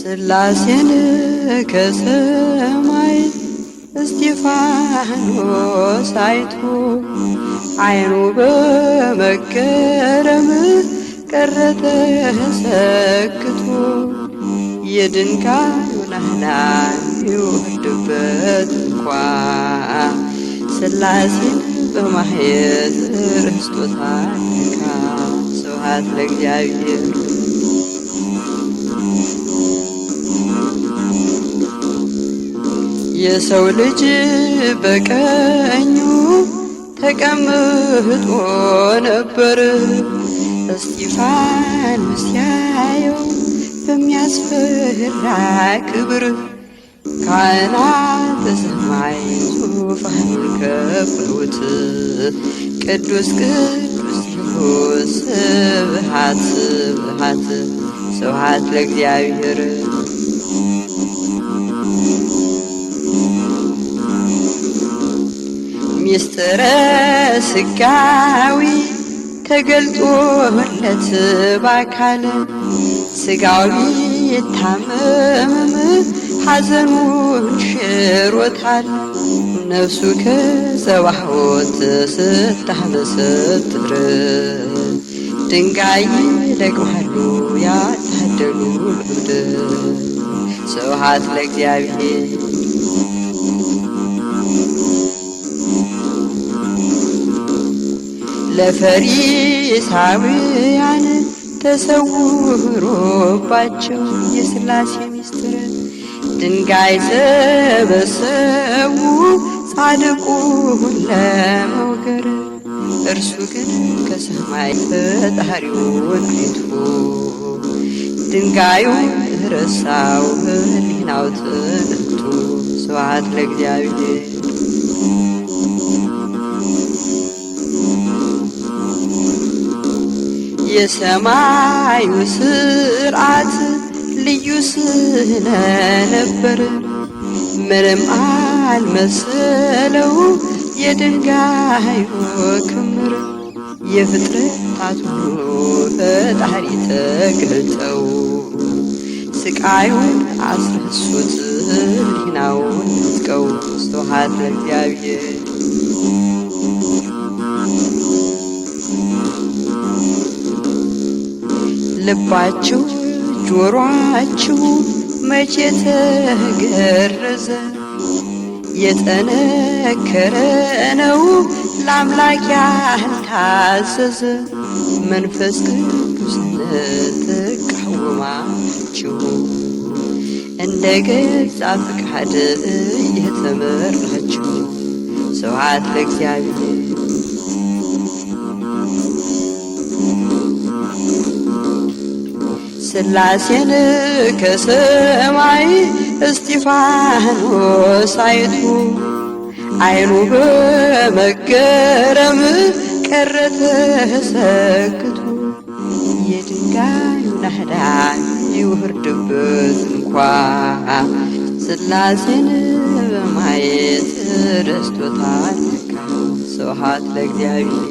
ስላሴን ከሰማይ እስጢፋኖስ አይቶ ዓይኑ በመገረም ቀረ ተሰክቶ የድንጋዩን ሐናን ይወርድበት እንኳ ስላሴን በማየት ርስቶታል ስብሐት ለእግዚአብሔር የሰው ልጅ በቀኙ ተቀምጦ ነበር። እስጢፋኖስ ሲያየው በሚያስፈራ ክብር ካህናተ ሰማይ ዙፋኑን ከፈሉት። ቅዱስ ቅዱስ ስብሐት ስብሐት ስብሐት ለእግዚአብሔር ምስጢረ ሥጋዊ ተገልጦለት ባካል ስጋዊ የታመመ ሐዘኑ ሽሮታል ነፍሱ ከዘባሕወት ስታመሰትር ድንጋይ ለግባሉ ያታደሉ ልዑድ ስብሐት ለእግዚአብሔር ለፈሪሳውያን ተሰውሮባቸው የሥላሴ ምስጢር ድንጋይ ሰበሰቡ ጻድቁ ለመውገር እርሱ ግን ከሰማይ ፈጣሪውን አይቶ ድንጋዩ ረሳው ሕሊናው ትንቱ ስብሐት ለእግዚአብሔር የሰማዩ ስርዓት ልዩ ነበር ምንም አልመሰለው የድንጋዩ ክምር የፍጥረታቱ ፈጣሪ ተገልጠው ስቃዩን አስረሱት ሊናውን ንጥቀው እስተውሃት ለእግዚአብሔር ልባችሁ ጆሮአችሁ መቼ ተገረዘ? የጠነከረ ነው ለአምላክ ያልታዘዘ። መንፈስ ቅዱስ ተቃወማችሁ እንደ ገዛ ፍቃድ እየተመራችሁ ስብሐት ለእግዚአብሔር። ስላሴን ከሰማይ እስጢፋኖስ አይቱ አይኑ በመገረም ቀረ ተሰክቱ የድንጋዩን አህዳን ይውርድበት እንኳ ስላሴን በማየት ረስቶታል ስብሐት ለእግዚአብሔር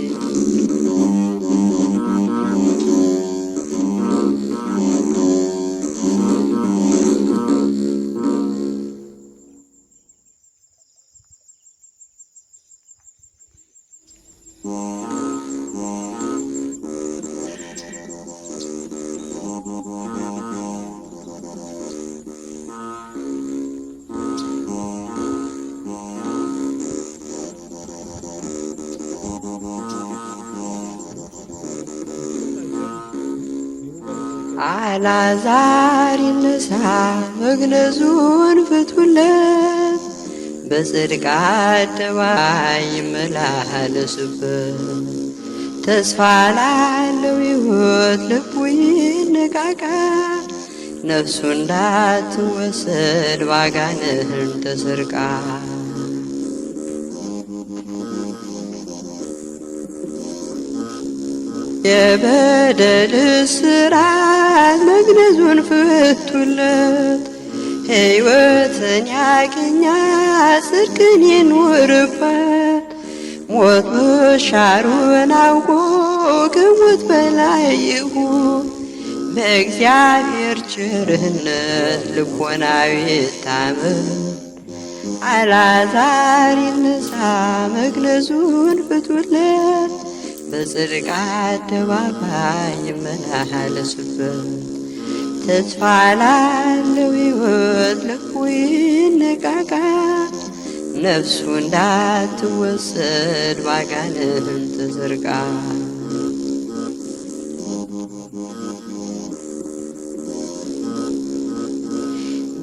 አላዛር ይነሳ መግነዙን ፍቱለት በጽድቅ አደባባይ ይመላለስበት ተስፋ ላለው ሕይወት ልቡ ይነቃቃ ነፍሱ እንዳትወሰድ ባጋንህን ተሰርቃ የበደል ስራት መግነዙን ፍቱለት ሕይወትን ያገኛል ጽድቅን ይኑርበት ሞት መሻሩን አውቆ ከሞት በላይ ይሁን በእግዚአብሔር ቸርነት ልቦናዊ ታመን አልዓዛር ይነሳ መግነዙን ፍቱለት በጽድቅ አደባባይ ይመላለሱበት ተስፋ ላለው ሕይወት ልቡ ይነቃቃ ነፍሱ እንዳትወሰድ ባጋንንት ተዘርቃ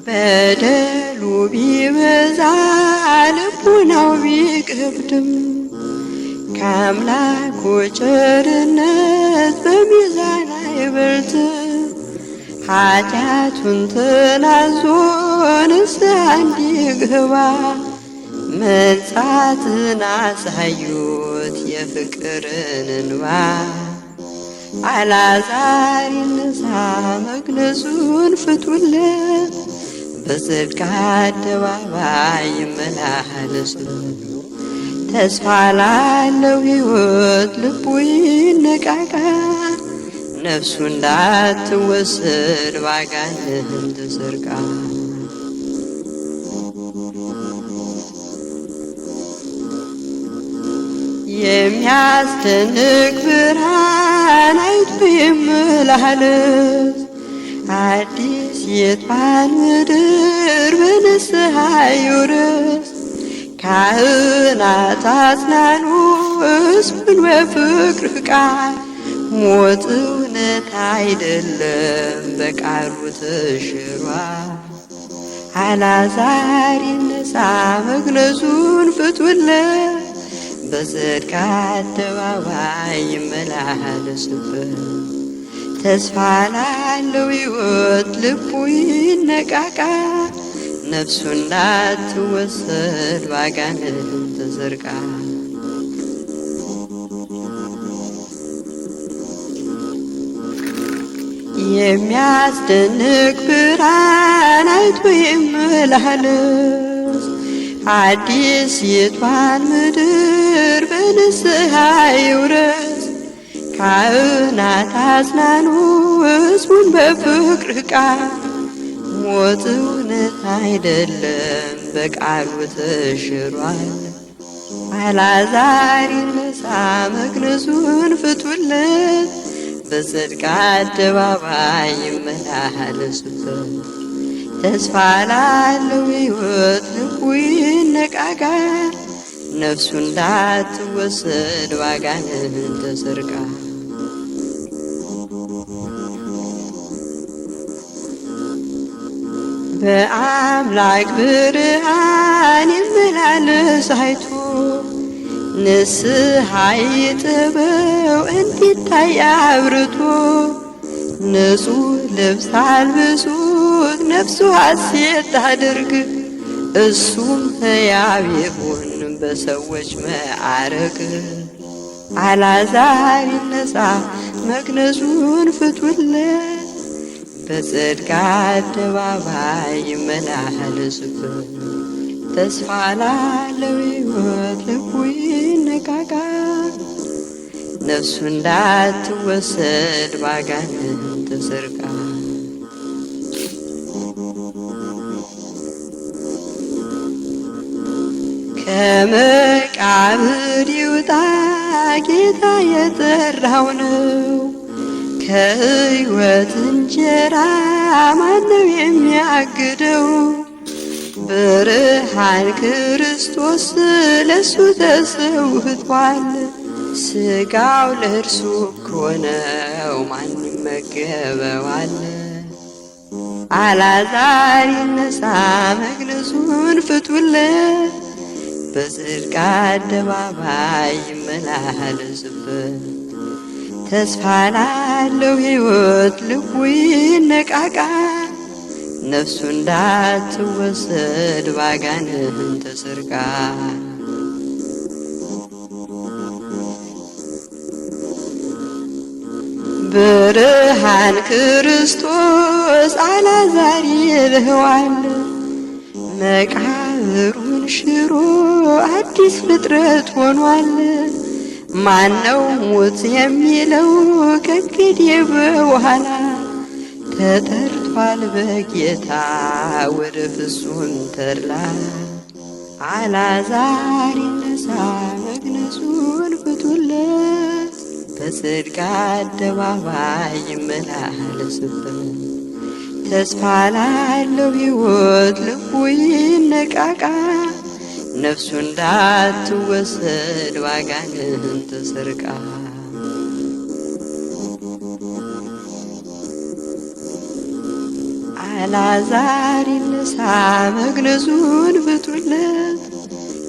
በደሉ ቢበዛ ልቡናው ቢከብድም የአምላኩ ቸርነት በሚዛን አይበልጥ ኃጢአቱን ትናዞ ንስሐ እንዲገባ መንጻትን አሳዩት የፍቅርን እንባ አልዓዛር ይነሳ መግነዙን ፍቱለት በጽድቅ አደባባይ መላልሱ ተስፋ ላለው ሕይወት ልቡ ይነቃቃል፣ ነፍሱ እንዳትወሰድ ባጋንንት ሰርቃ የሚያስደንቅ ብርሃን አይት ብምላለት አዲስ የትባን ምድር በንስሐ ይውረስ ካህናት አጽናኑ ሕዝቡን በፍቅር ቃል ሞት እውነት አይደለም በቃሉ ተሽሯል። አልዓዛር ይነሳ መግነዙን ፍቱለት በጽድቅ አደባባይ ይመላለስበት ተስፋ ላለው ሕይወት ልቡ ይነቃቃል። ነፍሱ እንዳትወሰድ ባጋን ተዘርጋ የሚያስደንቅ ብርሃን አይቶ ይመላለስ አዲስ የቷን ምድር በንስሐ ይውረስ። ካህናት አጽናኑ ሕዝቡን በፍቅር ቃል ሞት እውነት አይደለም በቃሉ ተሽሯል። አላዛሪ ይነሳ መግነዙን ፍቱለት በጽድቅ አደባባይ ይመላለሱበት ተስፋ ላለው ሕይወት ልቡ ይነቃቃል ነፍሱ እንዳትወሰድ ዋጋንን ተሰርቃል። በአምላክ ብርሃን ይመላለስ አይቶ ንስሐ ይጥበው እንዲታይ አብርቶ ንጹሕ ልብስ አልብሱት ነፍሱ ሐሴት አድርግ እሱም ሕያው ይሁን በሰዎች መዓረግ። አልዓዛር ይነሣ መግነዙን ፍቱለት በጽድቅ አደባባይ ይመላለሱበት ተስፋ ላለው ሕይወት ልቡ ይነቃቃ ነፍሱ እንዳትወሰድ ባጋንን ተሰርቃ ከመቃብር ይውጣ ጌታ የጠራው ነው። ከሕይወት እንጀራ ማነው የሚያግደው? ብርሃን ክርስቶስ ለሱ ተሰውቷል። ስጋው ለእርሱ እኮ ማን ይመገበዋል? አላዛር ይነሳ መግነዙን ፍቱለ በጽድቅ አደባባይ ይመላለስበት ተስፋ ላለው ሕይወት ልቡ ይነቃቃ ነፍሱ እንዳትወሰድ ባጋንህን ተሰርቃ ብርሃን ክርስቶስ አላዛር ይልህዋል መቃብሩን ሽሮ አዲስ ፍጥረት ሆኗል። ማነው ሙት የሚለው ከእንግዲህ በኋላ ተጠርቷል በጌታ ወደ ፍጹም ተድላ። አልዓዛር ይነሳ መግነዙን ፍቱለት፣ በጽድቅ አደባባይ ይመላለስበት። ተስፋ ላለው ሕይወት ልቡ ነፍሱ እንዳትወሰድ ዋጋንህን ተሰርቃ አላዛር ይነሳ መግነዙን ፍቱለት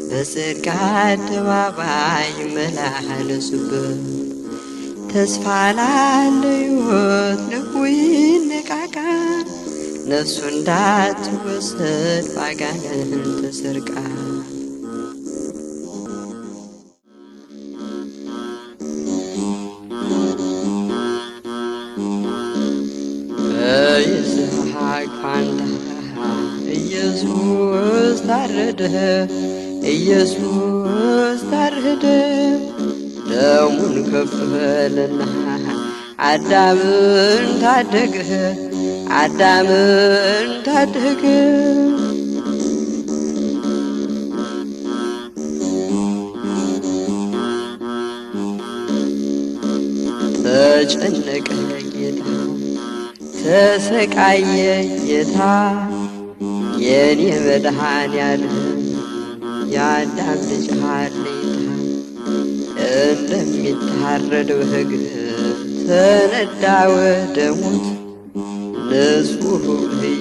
በጽድቅ አደባባይ መላለሱበት ተስፋ ላለ ሕይወት ልቡ ይነቃቃ ነፍሱ እንዳትወሰድ ባጋንን ተሰርቃ ኳንታ ኢየሱስ ታረደህ ኢየሱስ ታረደህ ደሙን ከፍለና አዳምን ታደግህ አዳምን ታደግህ ተጨነቀ ጌታ ተሰቃየ ጌታ የኔ መድኃኔዓለም የአዳም ልጅ ሀሌታ እንደሚታረደው ህግ ተነዳ ወደ ሞት ንጹሕ